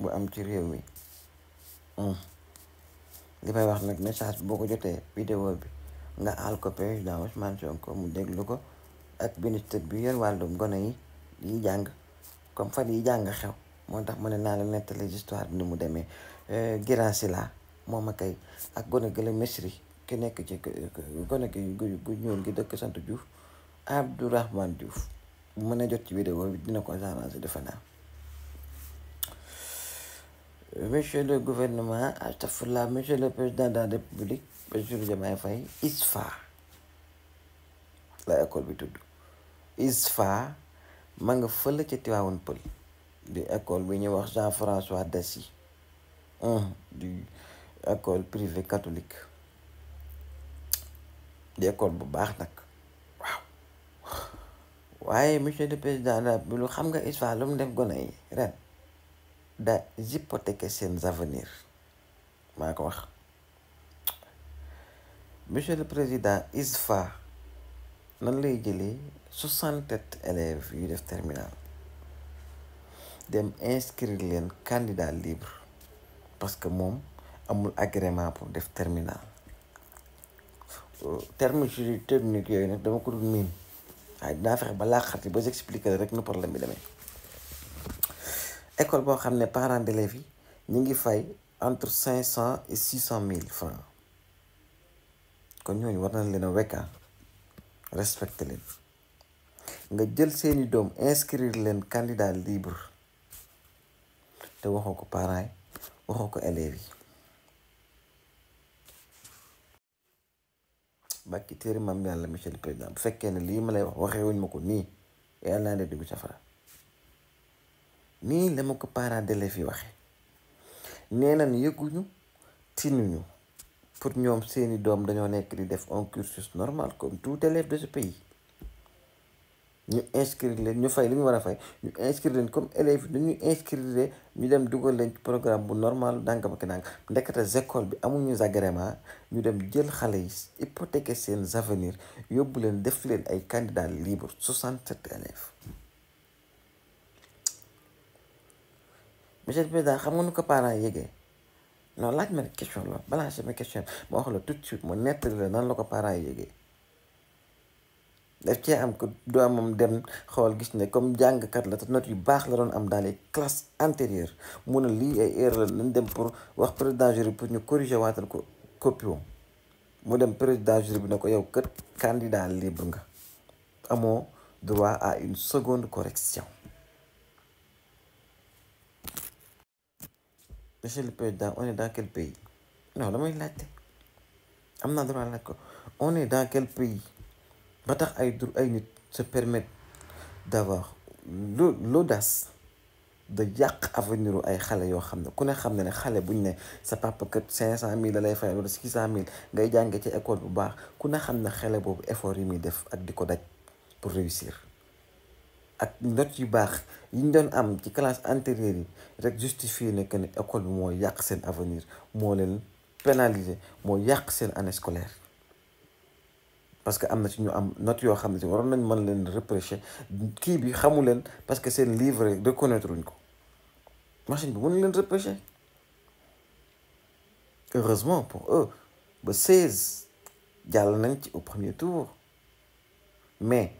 bu am ci réew mi hmm. li may wax nag message boo ko jotee vidéo bi nga àll ko président Ousmane ko mu déglu ko ak ministre bi yor wàllum gone yi yi jàng comme fan yi jàng xew moo tax mën ne naa la nettali histoire bi ni mu demee euh, girasi la moom a kay ak gone gi la ki nekk ci gone gi gu ñuul gi dëkk sant Diouf Abdourahmane Diouf bu mën a jot ci vidéo bi dina ko arrangé defe monsieur le gouvernement, Astafoula, monsieur le président de la République, monsieur le Jamaï Faye, ISFA, la école bi ISFA Mang nga fële ca Tivaouane de école bi ñuy wax Jean-François Dassy du école privée catholique di école bu baax nag waaw monsieur le président de la République xam nga ISFA lu mu def gone yi da hypothéquer seen avenir maa ko wax monsieur le président ISFA nan lay jëlee soixante élèves yu def terminale dem inscrire un candidat libre parce que mom amul agrément pour def terminal euh, terme juridique technique yooyu dama ko dul miin waaye dinaa ba laa xati ba expliquer rek no problème bi école boo xam ne parents d'élèves yi ñu ngi fay entre cinq cent et six cent mille francs kon ñooñu war nañ leen a wekkaat respecté leen nga jël seeni doom inscrire leen candidat libre te waxoo ko parent yi waxoo ko élèves yi bàkki téere maam yàlla monsieur le président bu fekkee ne lii ma lay wax waxee wuñ ma ko nii yàlla naa dee dugg safara nii la ma ko parents d'élèves yi waxe nee nañ yëguñu tinuñu pour ñoom seeni doom dañoo nekk di def un cursus normal comme tout élève de ce pays ñu inscrire leen ñu fay lu ñu war a fay ñu inscrire leen comme élèves yi ñu inscrire ñu dem dugal leen ci programme bu normal danga ma ki danga ndekete école bi amuñu agrément ñu dem jël xale yi hypothéquer seen avenir yóbbu leen def leen ay candidats libres 67 élèves monsieur le président xam nga nu ko parents yëgee noonu laaj ma question la balaa sama question ma wax la tout de suite ma nett la nan la ko parents yëgee daf cee am ko doomam dem xool gis ne comme jàngkat la te note yu baax la doon am dans les classes antérieures mu ne lii ay erreur la nañ dem pour wax président jury pour ñu corriger waatal ko copie mu dem président jury bi ne ko yow kët candidat libre nga amoo droit à une seconde correction monsieur le président on est dans quel pays non damay laajte am naa droit laaj ko on est dans quel pays ba tax ay dur ay nit sa permettre d'avoir l'audace da yàq avenir ay xale yoo xam ne ku ne xam ne ne xale buñ ne sa papa kat cinq cent mille la lay fay wala six cent mille ngay jànge ci école bu baax ku ne xam ne xale boobu effort yi muy def ak di ko daj pour réussir ak notes yu baax yi ñu doon am ci classe antérieure yi rek justifier ne que ne école bi moo yàq seen avenir moo leen pénaliser moo yàq seen année scolaire parce que am na ci ñu am note yoo xam ne waroon nañ mën leen reprocher kii bi xamu leen parce que seen livre de connaître. ko machine bi mënu leen reprocher heureusement pour eux ba 16 jàll nañ ci au premier tour mais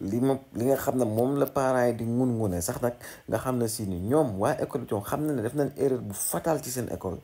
li ma li nga xam ne moom la parent yi di ngun-ngune sax nag nga xam ne si ni ñoom waa école bi xam na ne def nañ erreur bu fatale ci seen école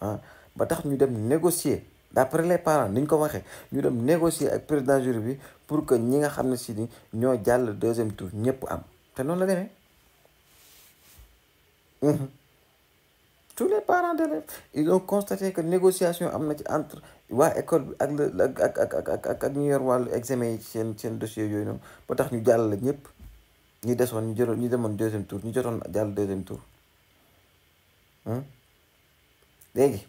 ah ba tax ñu dem négocier d'après les parents ni ñu ko waxee ñu dem négocier ak président jury bi pour que ñi nga xam ne si ni ñoo jàll deuxième tour ñëpp am te noonu la demee tous les parents d'élèves ils ont constaté que négociation négociations entre wa école ak la ak ak ak ak ak ñu yor wal examen yi sen dossier yooyu ñom ba tax ñu jall ñep ñi desoon ñu jëloon ñu demoon deuxième tour ñu jotoon jall deuxième tour hmm? léegi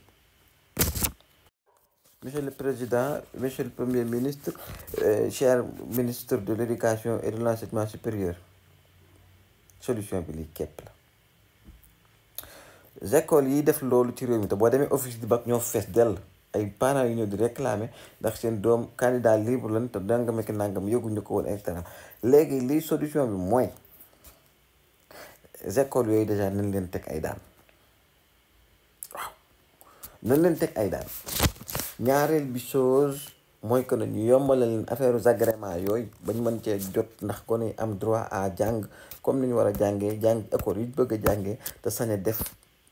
monsieur le président monsieur le premier ministre euh, cher ministre de l'éducation et de l'enseignement supérieur solution bi lii école yi def loolu ci réew mi te boo demee office di bac ñoo fees dell ay parents yu ñëw di réclamer ndax seen doom candidat libre lan te nangam ak nangam yëguñu ko woon et cetera léegi liy solution bi mooy école yooyu dèjà nañ leen teg ay daan waaw nañ leen teg ay daan ñaareel bi chose mooy que ñu yombalal leen affaire agrément yooyu bañ mën cee jot ndax kon am droit à jàng comme ni ñu war a jàngee jàng école yu bëgg a jàngee te sañ a def.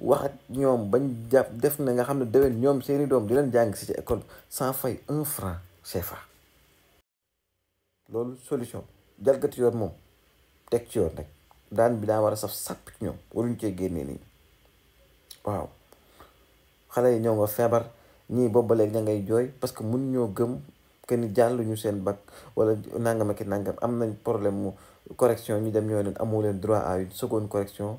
wax ak ñoom bañ jàpp def na nga xam ne déwén ñoom seeni doom di leen jàng si ci école sans fay un franc CFA loolu solution jalgati yoon moom teg ci yoon rek daan bi daa war a saf sàpp ci ñoom waruñ cee génnee nii waaw xale yi ñoo nga feebar ñii boobu léegi ña ngay jooy parce que mun ñoo gëm que ni ñu seen bac wala nangam ak nangam am nañ problème mu correction ñu dem ñoo leen amoo leen droit à une seconde correction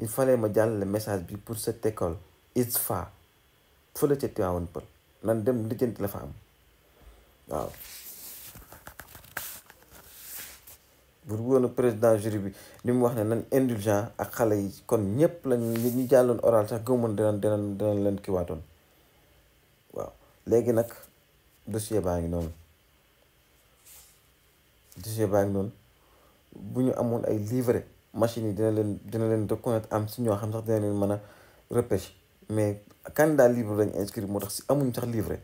il fallait ma jàllale message bi pour cette école ISFA fële ca Tivaouane Pël nan dem lijjanti la fa am waaw bu woon président jury bi li mu wax ne nan indulgent ak xale yi kon ñëpp lañ ñu jàlloon oral sax gëmoon dinañ dinañ dinañ leen kiiwaatoon waaw léegi nag dossier baa ngi noonu dossier baa ngi noonu bu ñu amoon ay livre machine yi dina leen dina leen reconnaître am si ñoo xam sax dina leen mën a repêche mais candidat livre lañ inscrire moo tax si amuñ sax livré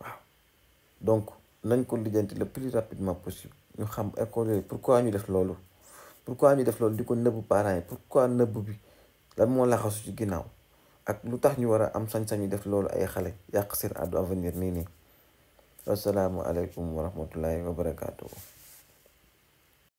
waaw donc nañ ko lijjanti le plus rapidement possible ñu xam école yooyu pourquoi ñu def loolu pourquoi ñu def loolu di ko nëbb parents yi pourquoi nëbb bi lan moo laxasu ci ginnaaw ak lu tax ñu war a am san san ñu def loolu ay xale yàq seen àddu avenir nii nii wasalaamualeykum wa rahmatullahi wa barakaatu.